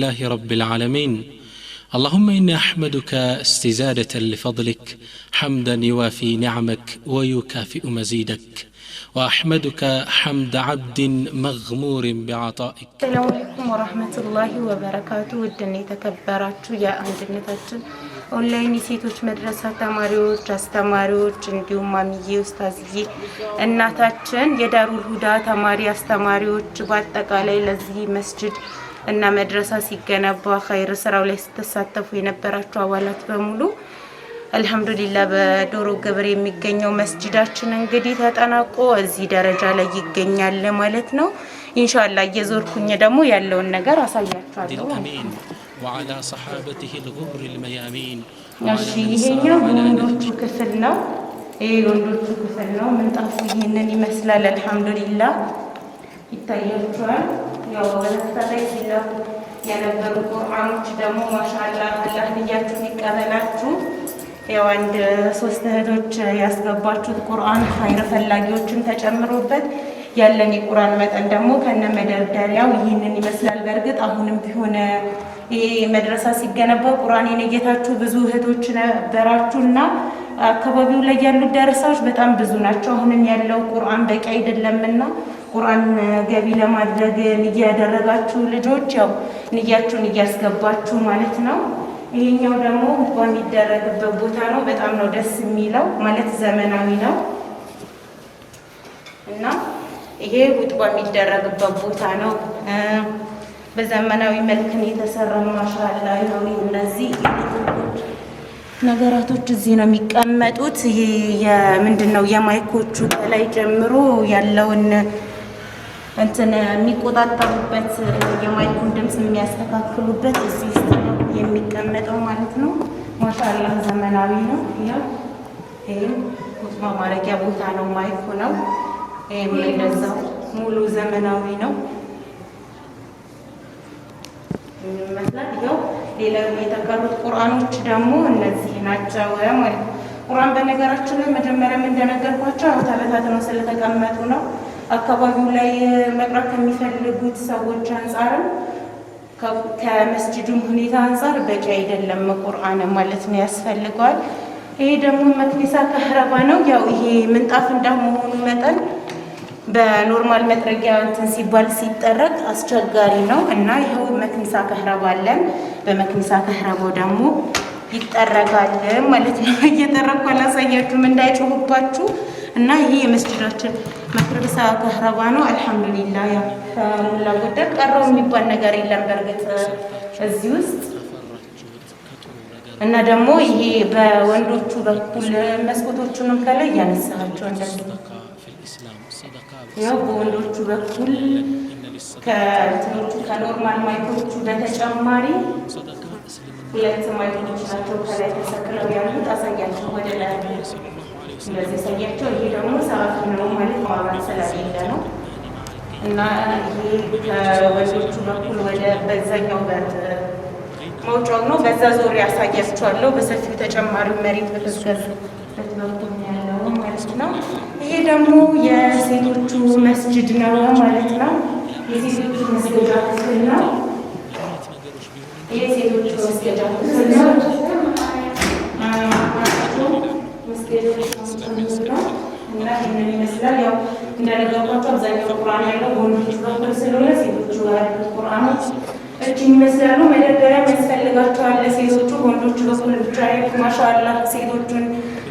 لله رب العالمين اللهم إنا أحمدك استزادة لفضلك حمدا يوافي نعمك ويكافئ مزيدك وأحمدك حمد عبد مغمور بعطائك السلام عليكم ورحمة الله وبركاته تكبرات የተከበራችሁ የአንድነታችን ኦንላይን የሴቶች መድረሳ ተማሪዎች፣ አስተማሪዎች እንዲሁም ማሚዬ ውስታዝዬ እናታችን የዳሩል ሁዳ ተማሪ አስተማሪዎች በአጠቃላይ ለዚህ መስጅድ እና መድረሳ ሲገነባ ኸይር ስራው ላይ ስትሳተፉ የነበራችሁ አባላት በሙሉ አልሐምዱሊላ በዶሮ ግብር የሚገኘው መስጂዳችን እንግዲህ ተጠናቆ እዚህ ደረጃ ላይ ይገኛል ማለት ነው። ኢንሻላ እየዞርኩኝ ደግሞ ያለውን ነገር አሳያችኋለሁ። ይሄኛው ወንዶቹ ክፍል ነው። ይሄ ወንዶቹ ክፍል ነው። ምንጣፉ ይህንን ይመስላል። አልሐምዱሊላ ይታያችኋል። የወላይታ ላይ ሲለፉ የነበሩ ቁርአኖች ደግሞ ማሻላ አላህ ንያችሁን ይቀበላችሁ። ያው አንድ ሶስት እህቶች ያስገባችሁት ቁርአን ሀይረ ፈላጊዎችን ተጨምሮበት ያለን የቁርአን መጠን ደግሞ ከነ መደርደሪያው ይህንን ይመስላል። በእርግጥ አሁንም ቢሆን ይሄ መድረሳ ሲገነባ ቁርአን የነጌታችሁ ብዙ እህቶች ነበራችሁ እና አካባቢው ላይ ያሉት ደረሳዎች በጣም ብዙ ናቸው። አሁንም ያለው ቁርአን በቂ አይደለምና ቁርአን ገቢ ለማድረግ ንያ ያደረጋችሁ ልጆች ያው ንያችሁን እያስገባችሁ ማለት ነው። ይሄኛው ደግሞ ሁጥባ የሚደረግበት ቦታ ነው። በጣም ነው ደስ የሚለው ማለት ዘመናዊ ነው እና ይሄ ሁጥባ የሚደረግበት ቦታ ነው። በዘመናዊ መልክ ነው የተሰራው። ማሻአላ ይኸው እነዚህ ነገራቶች እዚህ ነው የሚቀመጡት። ይሄ የምንድን ነው የማይኮቹ ከላይ ጀምሮ ያለውን እንትን የሚቆጣጠሩበት የማይኩን ድምፅ የሚያስተካክሉበት እዚህ ነው የሚቀመጠው ማለት ነው። ማሻአላህ ዘመናዊ ነው። ያው ይሄ ቦታ ነው፣ ማይኩ ነው። ይሄም እንደዛው ሙሉ ዘመናዊ ነው ይመስላል። ያው ሌላ የተቀሩት ቁርአኖች ደግሞ እነዚህ ናቸው ማለት ቁርአን በነገራችን ላይ መጀመሪያም እንደነገርኳቸው ተበታት ነው ስለተቀመጡ ነው። አካባቢው ላይ መቅራት ከሚፈልጉት ሰዎች አንጻርም ከመስጅዱም ሁኔታ አንጻር በቂ አይደለም ቁርአን ማለት ነው ያስፈልገዋል። ይሄ ደግሞ መክኒሳ ከህረባ ነው። ያው ይሄ ምንጣፍ እንደመሆኑ መጠን በኖርማል መጥረጊያ እንትን ሲባል ሲጠረግ አስቸጋሪ ነው እና ይኸው መክኒሳ ከህረባ አለን። በመክኒሳ ከህረባው ደግሞ ይጠረጋል ማለት ነው። እየጠረኩ አላሳያችሁም እንዳይጮሁባችሁ እና ይህ የመስጅዳችን መቅረብሳ ከህረባ ነው። አልሐምዱሊላ ሙላ ጎደል ቀረው የሚባል ነገር የለም። በእርግጥ እዚህ ውስጥ እና ደግሞ ይሄ በወንዶቹ በኩል መስኮቶቹንም ከላይ እያነሳቸው ያው በወንዶቹ በኩል ከትኖቹ ከኖርማል ማይኮቹ በተጨማሪ ሁለት ሰማዕተኞች ናቸው። ከላይ ተሰቅለው ያሉት አሳያቸው፣ ወደ ላይ እንደዚህ ያሳያቸው። ይሄ ደግሞ ሰራፊ ነው ማለት ማውራት ስለሌለ ነው እና ይሄ ከወንዶቹ በኩል ወደ በዛኛው ጋር መውጫው ነው። በዛ ዞር ያሳያቸዋለሁ በሰፊው ተጨማሪ መሬት በተዝገበት ነው። ይሄ ደግሞ የሴቶቹ መስጅድ ነው ማለት ነው። የሴቶቹ መስገጃ ክፍል ነው። የሴቶች መስገጃ መስገጃዎች እና ይህንን ይመስላል። ያው እንደነገርኳቸው አብዛኛው ቁርአን ያለው ወንዶች በኩል ስለሆነ ሴቶቹ ቁርአኖች እጅ ይመስላሉ። መደርደሪያ ያስፈልጋቸዋል ለሴቶቹ። ወንዶቹ በኩል ብቻ ማሻላ ሴቶቹን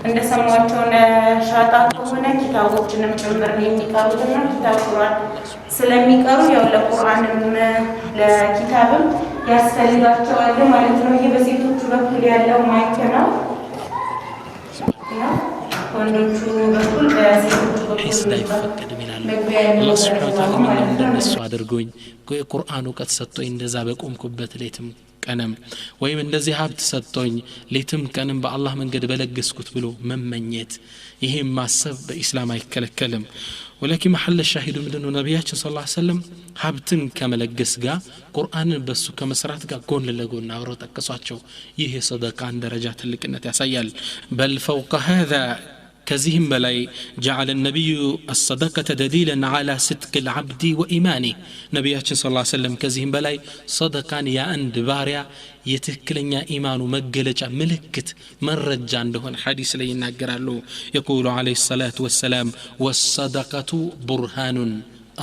እንደሰማቸው ነሻጣ ከሆነ ኪታቦችንም ጭምር ነው የሚቀሩትና ኪታብ ቁርአን ስለሚቀሩ ያው ለቁርአንም ለኪታብም ያስፈልጋቸዋል ማለት ነው። ይህ በሴቶቹ በኩል ያለው ማይክ ነው። ወንዶቹ አድርጎኝ የቁርአን እውቀት ሰጥቶኝ እንደዛ በቆምኩበት ሌትም ቀንም ወይም እንደዚህ ሀብት ሰጥቶኝ ሌትም ቀንም በአላህ መንገድ በለገስኩት ብሎ መመኘት ይሄም ማሰብ በኢስላም አይከለከልም። ወላኪን መሐለ ሻሂዱ ምንድን ነው ነቢያችን ስለ ሰለም ሀብትን ከመለገስ ጋር ቁርአንን በሱ ከመስራት ጋር ጎን ለጎን አብረው ጠቀሷቸው ይህ የሰደቃን ደረጃ ትልቅነት ያሳያል በል ፈውቀ كزهم بلاي جعل النبي الصدقة دليلا على صدق العبد وإيمانه نبي صلى الله عليه وسلم كزهم بلاي صدقا يا أند باريا يتكلن يا إيمان مقلج ملكت من رجان دهون حديث لينا قرالو يقول عليه الصلاة والسلام والصدقة برهان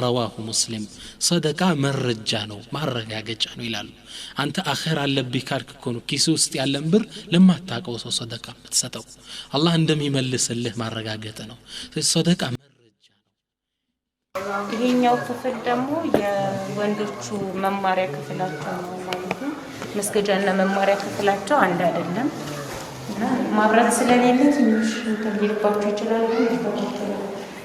ረዋሁ ሙስሊም ሰደቃ መረጃ ነው ማረጋገጫ ነው ይላሉ አንተ አኸር አለብህ ካልክ እኮ ኪስ ውስጥ ያለን ብር ለማታቀው ሰው ሰደቃ የምትሰጠው አላህ እንደሚመልስልህ ማረጋገጥ ነው ሰደቃ መረጃ ነው ይሄኛው ክፍል ደግሞ የወንዶቹ መማሪያ ክፍላቸው ነው መስገጃና መማሪያ ክፍላቸው አንድ አይደለም ማብራት ስለሌለ ትንሽ ሊልባቸው ይችላሉ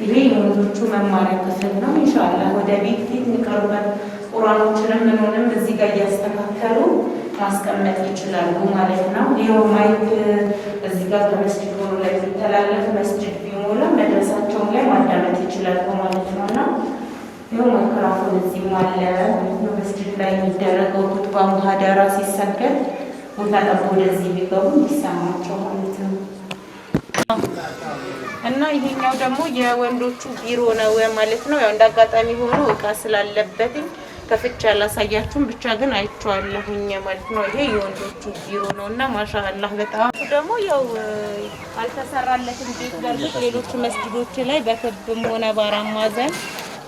ይሄ የወንዶቹ መማሪያ ክፍል ነው። ኢንሻአላህ ወደ ቤት ፊት የሚቀርበን ቁርአኖችንም ምንሆንም እዚህ ጋር እያስተካከሉ ማስቀመጥ ይችላሉ ማለት ነው። ይኸው ማይክ እዚህ ጋር በመስጅድ ሆኖ ላይ ሲተላለፍ መስጅድ ቢሞላ መድረሳቸውን ላይ ማዳመጥ ይችላሉ ማለት ነው እና ይኸው ማይክራፎን እዚህ አለ። መስጅድ ላይ የሚደረገው ቁጥባ ሙሀደራ ሲሰገድ ቦታ ጠብቆ ወደዚህ ቢገቡ ይሰማቸዋል። እና ይሄኛው ደግሞ የወንዶቹ ቢሮ ነው ማለት ነው። ያው እንዳጋጣሚ ሆኖ እቃ ስላለበትኝ ከፍቼ አላሳያችሁም፣ ብቻ ግን አይቼዋለሁኝ ማለት ነው። ይሄ የወንዶቹ ቢሮ ነው እና ማሻአላህ በጣም ደግሞ ያው አልተሰራለትም ቤት በርግጥ ሌሎች መስጊዶች ላይ በክብም ሆነ በአራት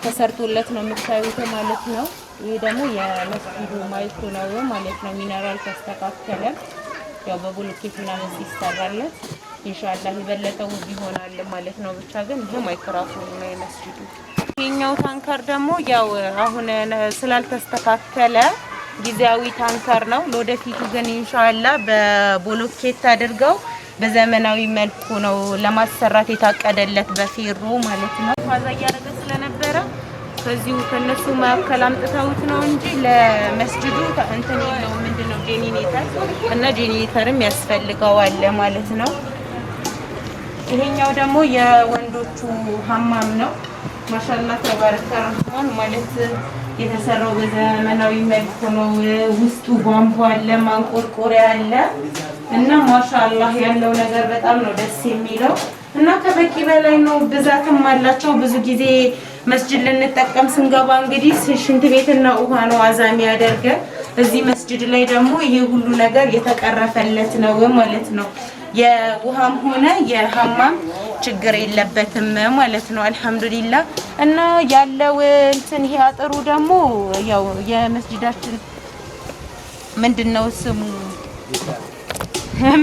ተሰርቶለት ነው የምታዩት ማለት ነው። ይሄ ደግሞ የመስጊዱ ማይኩ ነው ማለት ነው። ሚነራል ተስተካከለ ያው በብሎኬት ምናምን ሲሰራለት ኢንሻአላህ የበለጠ ውብ ይሆናል ማለት ነው። ብቻ ግን ይሄ ማይክሮፎን ነው የመስጂዱ። ይሄኛው ታንከር ደግሞ ያው አሁን ስላልተስተካከለ ጊዜያዊ ታንከር ነው። ለወደፊቱ ግን ኢንሻአላህ በቦሎኬት አድርገው በዘመናዊ መልኩ ነው ለማሰራት የታቀደለት በፌሮ ማለት ነው። ፋዛ እያደረገ ስለነበረ ከዚሁ ከነሱ መካከል አምጥተውት ነው እንጂ ለመስጅዱ እንትን የለውም። ምንድነው ጄኔሬተር እና ጄኔሬተርም ያስፈልገዋል ማለት ነው። ይሄኛው ደግሞ የወንዶቹ ሀማም ነው። ማሻላ ተባረከ ረህማን ማለት የተሰራው በዘመናዊ መልኩ ነው። ውስጡ ቧንቧ አለ፣ ማንቆርቆሪያ አለ እና ማሻላ ያለው ነገር በጣም ነው ደስ የሚለው እና ከበቂ በላይ ነው። ብዛትም አላቸው። ብዙ ጊዜ መስጅድ ልንጠቀም ስንገባ እንግዲህ ሽንት ቤትና ውሃ ነው አዛሚ ያደርገን። እዚህ መስጅድ ላይ ደግሞ ይሄ ሁሉ ነገር የተቀረፈለት ነው ማለት ነው። የውሃም ሆነ የሀማም ችግር የለበትም ማለት ነው። አልሐምዱሊላ እና ያለው እንትን ይሄ አጥሩ ደግሞ ያው የመስጂዳችን ምንድን ነው ስሙ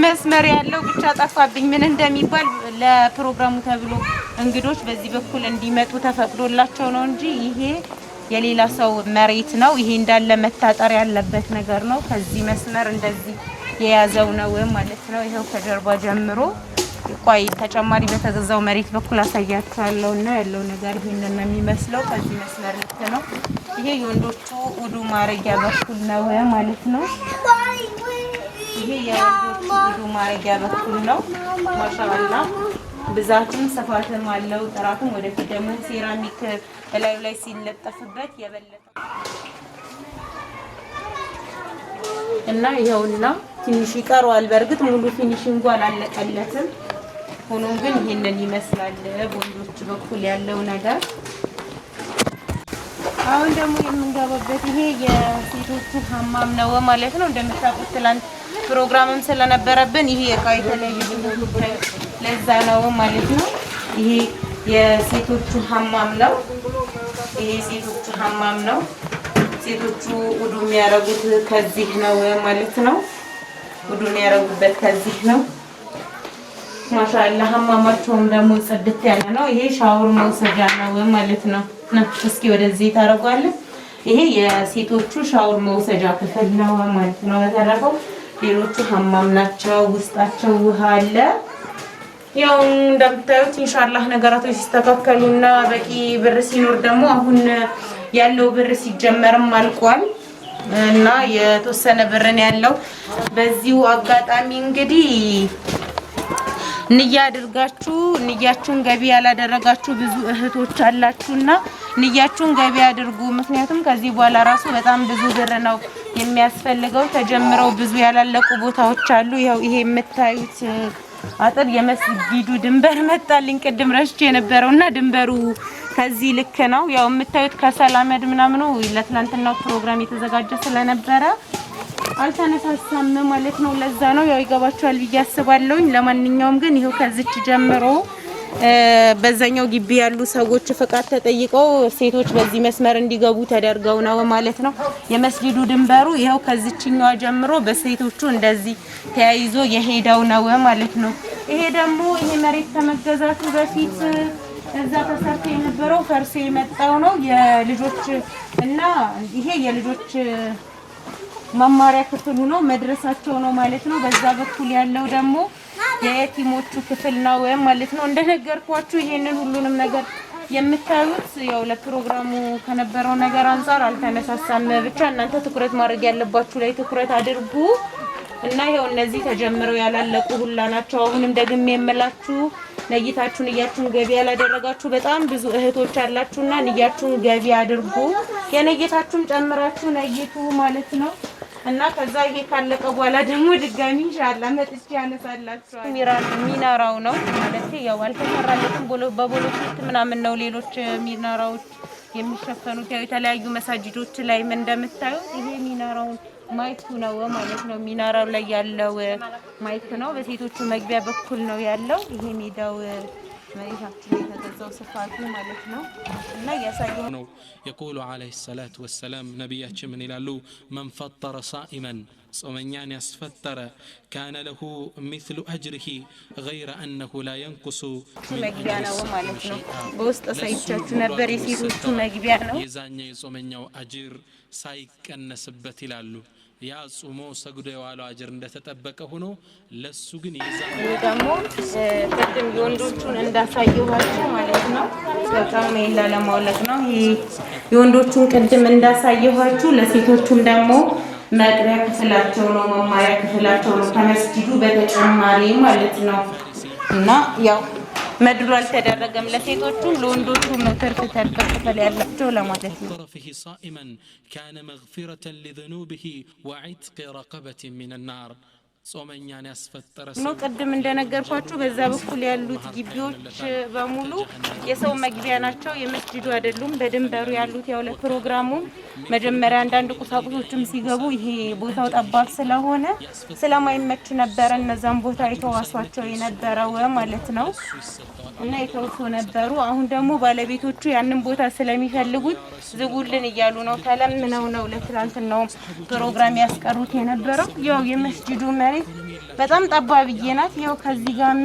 መስመር ያለው ብቻ ጠፋብኝ፣ ምን እንደሚባል ለፕሮግራሙ ተብሎ እንግዶች በዚህ በኩል እንዲመጡ ተፈቅዶላቸው ነው እንጂ ይሄ የሌላ ሰው መሬት ነው። ይሄ እንዳለ መታጠር ያለበት ነገር ነው። ከዚህ መስመር እንደዚህ የያዘው ነው ማለት ነው። ይኸው ከጀርባ ጀምሮ ቆይ ተጨማሪ በተገዛው መሬት በኩል አሳያችኋለሁ እና ያለው ነገር ይህንን ነው የሚመስለው። ከዚህ መስመር ልክ ነው። ይሄ የወንዶቹ ውዱ ማረጊያ በኩል ነው ማለት ነው። ይሄ የወንዶቹ ውዱ ማረጊያ በኩል ነው። ማሻአላ ብዛትም ስፋትም አለው ጥራትም። ወደፊት ደግሞ ሴራሚክ እላዩ ላይ ሲለጠፍበት የበለጠ እና ይኸውና ትንሽ ይቀረዋል። በእርግጥ ሙሉ ፊኒሽንጉ አላለቀለትም። ሆኖ ግን ይሄንን ይመስላል በወንዶች በኩል ያለው ነገር። አሁን ደግሞ የምንገባበት ይሄ የሴቶቹ ሀማም ነው ማለት ነው። እንደምታውቁት ትላንት ፕሮግራምም ስለነበረብን ይሄ እቃ የተለየ ለዛ ነው ማለት ነው። ይሄ የሴቶቹ ሀማም ነው። ይሄ የሴቶቹ ሀማም ነው። ሴቶቹ ውዱ የሚያደርጉት ከዚህ ነው ማለት ነው። ውዱ የሚያደርጉበት ከዚህ ነው። ማሻአላህ አማማቸውም ደግሞ ጽድት ያለ ነው። ይሄ ሻወር መውሰጃ ነው ማለት ነው። እስኪ ወደዚህ ታደርጓለን። ይሄ የሴቶቹ ሻወር መውሰጃ ክፍል ነው ማለት ነው። በተረፈው ሌሎቹ ሀማም ናቸው። ውስጣቸው ውሃ አለ። ያው እንደምታዩት ኢንሻአላህ ነገራቶች ሲስተካከሉና በቂ ብር ሲኖር ደግሞ አሁን ያለው ብር ሲጀመርም አልቋል እና የተወሰነ ብርን ያለው። በዚሁ አጋጣሚ እንግዲህ ንያ አድርጋችሁ ንያችሁን ገቢ ያላደረጋችሁ ብዙ እህቶች አላችሁና ንያችሁን ገቢ አድርጉ። ምክንያቱም ከዚህ በኋላ ራሱ በጣም ብዙ ብር ነው የሚያስፈልገው። ተጀምረው ብዙ ያላለቁ ቦታዎች አሉ። ይኸው ይሄ የምታዩት አጥር የመስጊዱ ድንበር መጣልኝ። ቅድም ረስቼ የነበረውና ድንበሩ ከዚህ ልክ ነው። ያው የምታዩት ከሰላመድ ምናምኑ ለትላንትናው ፕሮግራም የተዘጋጀ ስለነበረ አልተነሳሳም ማለት ነው። ለዛ ነው ያው ይገባችኋል ብዬ አስባለሁኝ። ለማንኛውም ግን ይኸው ከዚች ጀምሮ በዛኛው ግቢ ያሉ ሰዎች ፍቃድ ተጠይቀው ሴቶች በዚህ መስመር እንዲገቡ ተደርገው ነው ማለት ነው። የመስጊዱ ድንበሩ ይኸው ከዚችኛዋ ጀምሮ በሴቶቹ እንደዚህ ተያይዞ የሄደው ነው ማለት ነው። ይሄ ደግሞ ይሄ መሬት ከመገዛቱ በፊት እዛ ተሰርቶ የነበረው ፈርሶ የመጣው ነው የልጆች እና ይሄ የልጆች መማሪያ ክፍሉ ነው መድረሳቸው ነው ማለት ነው። በዛ በኩል ያለው ደግሞ የየቲሞቹ ክፍል ነው ወይም ማለት ነው። እንደነገርኳችሁ ይሄንን ሁሉንም ነገር የምታዩት ያው ለፕሮግራሙ ከነበረው ነገር አንጻር አልተነሳሳም። ብቻ እናንተ ትኩረት ማድረግ ያለባችሁ ላይ ትኩረት አድርጉ እና ይኸው እነዚህ ተጀምረው ያላለቁ ሁላ ናቸው። አሁንም ደግሜ የምላችሁ ነይታችሁን ንያችሁን ገቢ ያላደረጋችሁ በጣም ብዙ እህቶች አላችሁና ንያችሁን ገቢ አድርጉ። የነይታችሁን ጨምራችሁ ነይቱ ማለት ነው እና ከዛ ይሄ ካለቀ በኋላ ደግሞ ድጋሚ ኢንሻአላ መጥቼ ያነሳላችኋል። ሚናራው ነው ማለት ያው አልተሰራለትም፣ በቦሎኬት ምናምን ነው። ሌሎች ሚናራዎች የሚሸፈኑት ያው የተለያዩ መሳጅዶች ላይ እንደምታዩት ይሄ ሚናራውን ማይቱ ነው ማለት ነው። ሚናራው ላይ ያለው ማይቱ ነው። በሴቶቹ መግቢያ በኩል ነው ያለው። ይሄ ሜዳው ነው የቁሉ አለይሂ ሰላት ወሰላም ነቢያችን ምን ይላሉ? መን ፈጠረ ሳኢመን ጾመኛን ያስፈጠረ ካነ ለሁ ሚስሉ አጅሪሂ ገይረ አነሁ ላ የንቁሱ መግቢያ ነው ማለት ነው። በውስጥ ሳይቻችሁ ነበር። የሴቶቹ መግቢያ ነው። የዛኛው የጾመኛው አጅር ሳይቀነስበት ይላሉ ያ ጾሞ ሰግዶ የዋለው አጀር እንደተጠበቀ ሆኖ ለሱ ግን ይዛል። ይህ ደግሞ ቅድም የወንዶቹን እንዳሳየኋቸው ማለት ነው። በጣም ይላ ለማውለቅ ነው። ይህ የወንዶቹን ቅድም እንዳሳየኋችሁ ለሴቶቹም ደግሞ መቅሪያ ክፍላቸው ነው፣ መማሪያ ክፍላቸው ነው ከመስጊዱ በተጨማሪ ማለት ነው እና ያው መድሎ አልተደረገም። ለሴቶቹም ለወንዶቹም ነው ትርፍ ተርፍ ክፍል ያላቸው ለማለት ነው። طرفه صائما كان مغفرة لذنوبه وعتق رقبة من النار ጾመኛን ያስፈጠረ ነው። ቅድም እንደነገርኳችሁ በዛ በኩል ያሉት ግቢዎች በሙሉ የሰው መግቢያ ናቸው፣ የመስጂዱ አይደሉም። በድንበሩ ያሉት ያው ለፕሮግራሙም መጀመሪያ አንዳንድ ቁሳቁሶችም ሲገቡ ይሄ ቦታው ጠባብ ስለሆነ ስለማይመች ነበረ እነዛን ቦታ የተዋሷቸው የነበረው ማለት ነው እና የተውሱ ነበሩ። አሁን ደግሞ ባለቤቶቹ ያንን ቦታ ስለሚፈልጉት ዝጉልን እያሉ ነው። ተለምነው ነው ለትላንትናውም ፕሮግራም ያስቀሩት የነበረው ያው የመስጂዱ መሬት በጣም ጠባብዬ ናት። ያው ከዚህ ጋር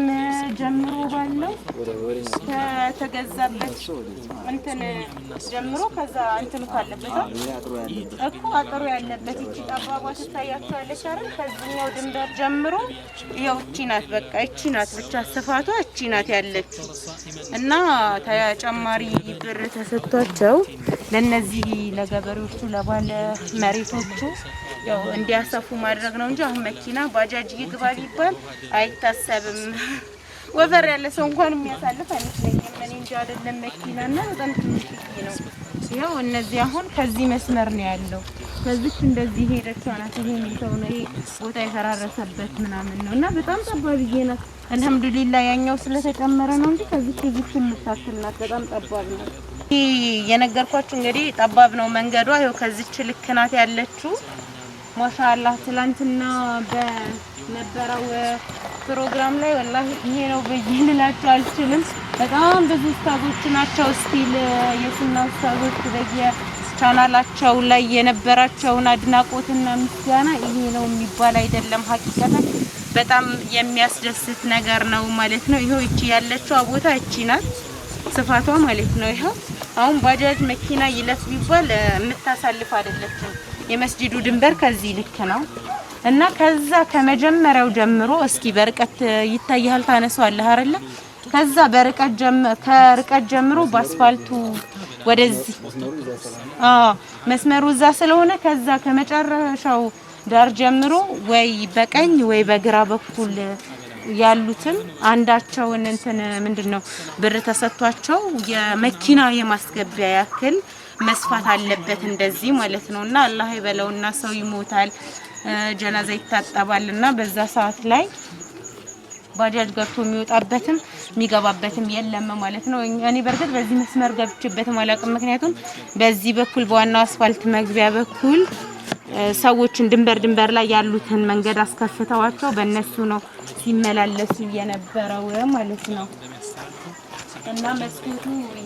ጀምሮ ባለው ከተገዛበት እንትን ጀምሮ ከዛ እንትኑ ካለበት እኮ አጥሩ ያለበት እቺ ጠባቧ ትታያቸዋለች አይደል? ከዚህኛው ድንበር ጀምሮ ያው እቺ ናት፣ በቃ እቺ ናት ብቻ ስፋቷ እቺ ናት ያለችው እና ተጨማሪ ብር ተሰጥቷቸው ለነዚህ ለገበሬዎቹ ለባለ መሬቶቹ ያው እንዲያሰፉ ማድረግ ነው እንጂ አሁን መኪና ባጃጅ ይግባ ቢባል አይታሰብም። ወፈር ያለ ሰው እንኳን የሚያሳልፍ አይመስለኝም። እኔ እንጂ አይደለም መኪና እና በጣም ትንሽ ነው። ያው እነዚህ አሁን ከዚህ መስመር ነው ያለው። በዚች እንደዚህ ሄደችው ናት። ይሄን ሰው ነው ቦታ የፈራረሰበት ምናምን ነው እና በጣም ጠባብ ናት። አልሐምዱሊላ ያኛው ስለተጨመረ ነው እንጂ ከዚህ ከዚህ የምታክል ናት። በጣም ጠባብ ናት። ይሄ የነገርኳችሁ እንግዲህ ጠባብ ነው መንገዷ። ይኸው ከዚች ልክ ናት ያለችው ማሻአላህ ትላንትና በነበረው ፕሮግራም ላይ ወላሂ ይሄ ነው ብዬ ልላቸው አልችልም። በጣም ብዙ ኡስታዞች ናቸው ስቲል የሱና ኡስታዞች በየ ቻናላቸው ላይ የነበራቸውን አድናቆትና ምስጋና ይሄ ነው የሚባል አይደለም። ሀቂቀተን በጣም የሚያስደስት ነገር ነው ማለት ነው። ይኸው እቺ ያለችው ቦታ እቺ ናት ስፋቷ ማለት ነው። ይኸው አሁን ባጃጅ መኪና ይለፍ ቢባል የምታሳልፍ አይደለችም። የመስጂዱ ድንበር ከዚህ ልክ ነው እና ከዛ ከመጀመሪያው ጀምሮ እስኪ በርቀት ይታያል። ታነሳዋለህ አይደለ? ከዛ በርቀት ከርቀት ጀምሮ በአስፋልቱ ወደዚህ መስመሩ እዛ ስለሆነ ከዛ ከመጨረሻው ዳር ጀምሮ ወይ በቀኝ ወይ በግራ በኩል ያሉትን አንዳቸውን እንትን ምንድን ነው ብር ተሰጥቷቸው የመኪና የማስገቢያ ያክል መስፋት አለበት እንደዚህ ማለት ነው። እና አላህ ይበለውና ሰው ይሞታል፣ ጀናዛ ይታጠባል። እና በዛ ሰዓት ላይ ባጃጅ ገብቶ የሚወጣበትም የሚገባበትም የለም ማለት ነው። እኔ በርግጥ በዚህ መስመር ገብቼበትም አላውቅም። ምክንያቱም በዚህ በኩል በዋናው አስፋልት መግቢያ በኩል ሰዎችን ድንበር ድንበር ላይ ያሉትን መንገድ አስከፍተዋቸው በእነሱ ነው ሲመላለሱ የነበረው ማለት ነው እና መስኮቱ ይሄ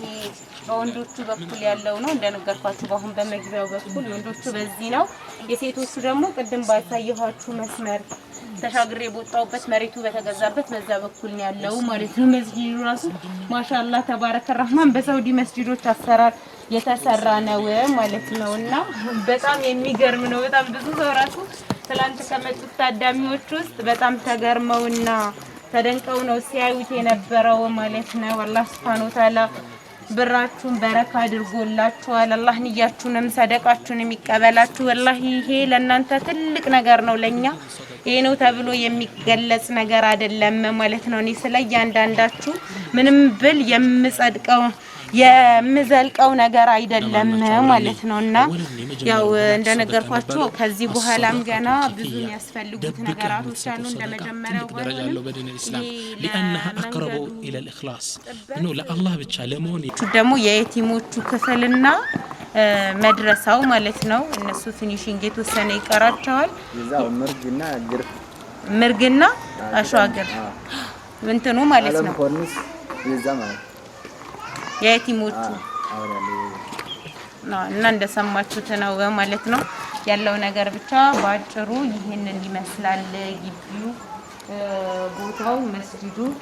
በወንዶቹ በኩል ያለው ነው እንደነገርኳችሁ፣ በአሁን በመግቢያው በኩል ወንዶቹ በዚህ ነው። የሴቶቹ ደግሞ ቅድም ባሳየኋችሁ መስመር ተሻግሬ የቦጣውበት መሬቱ በተገዛበት በዛ በኩል ነው ያለው ማለት ነው። መስጊዱ ራሱ ማሻአላህ ተባረከ ረህማን በሳውዲ መስጊዶች አሰራር የተሰራ ነው ማለት ነው። እና በጣም የሚገርም ነው። በጣም ብዙ ሰው ራሱ ትላንት ከመጡት ታዳሚዎች ውስጥ በጣም ተገርመውና ተደንቀው ነው ሲያዩት የነበረው ማለት ነው። አላህ ሱብሃነሁ ወተዓላ ብራችሁን በረካ አድርጎላችኋል። አላህ ንያችሁንም ሰደቃችሁን የሚቀበላችሁ ወላሂ ይሄ ለእናንተ ትልቅ ነገር ነው። ለእኛ ይሄ ነው ተብሎ የሚገለጽ ነገር አይደለም ማለት ነው። እኔ ስለ እያንዳንዳችሁ ምንም ብል የምጸድቀው የምዘልቀው ነገር አይደለም ማለት ነው። እና ያው እንደነገርኳችሁ ከዚህ በኋላም ገና ብዙ የሚያስፈልጉት ነገራቶች አሉ። እንደመጀመሪያው ለአላህ ደግሞ የየቲሞቹ ክፍልና መድረሳው ማለት ነው። እነሱ ፊኒሽንግ የተወሰነ ይቀራቸዋል። ምርግና አሸዋገር እንትኑ ማለት ነው። የየቲሞቹ እና እንደሰማችሁት ነው ማለት ነው ያለው ነገር ብቻ በአጭሩ ይህንን ይመስላል። ግቢው ቦታው መስጂዱ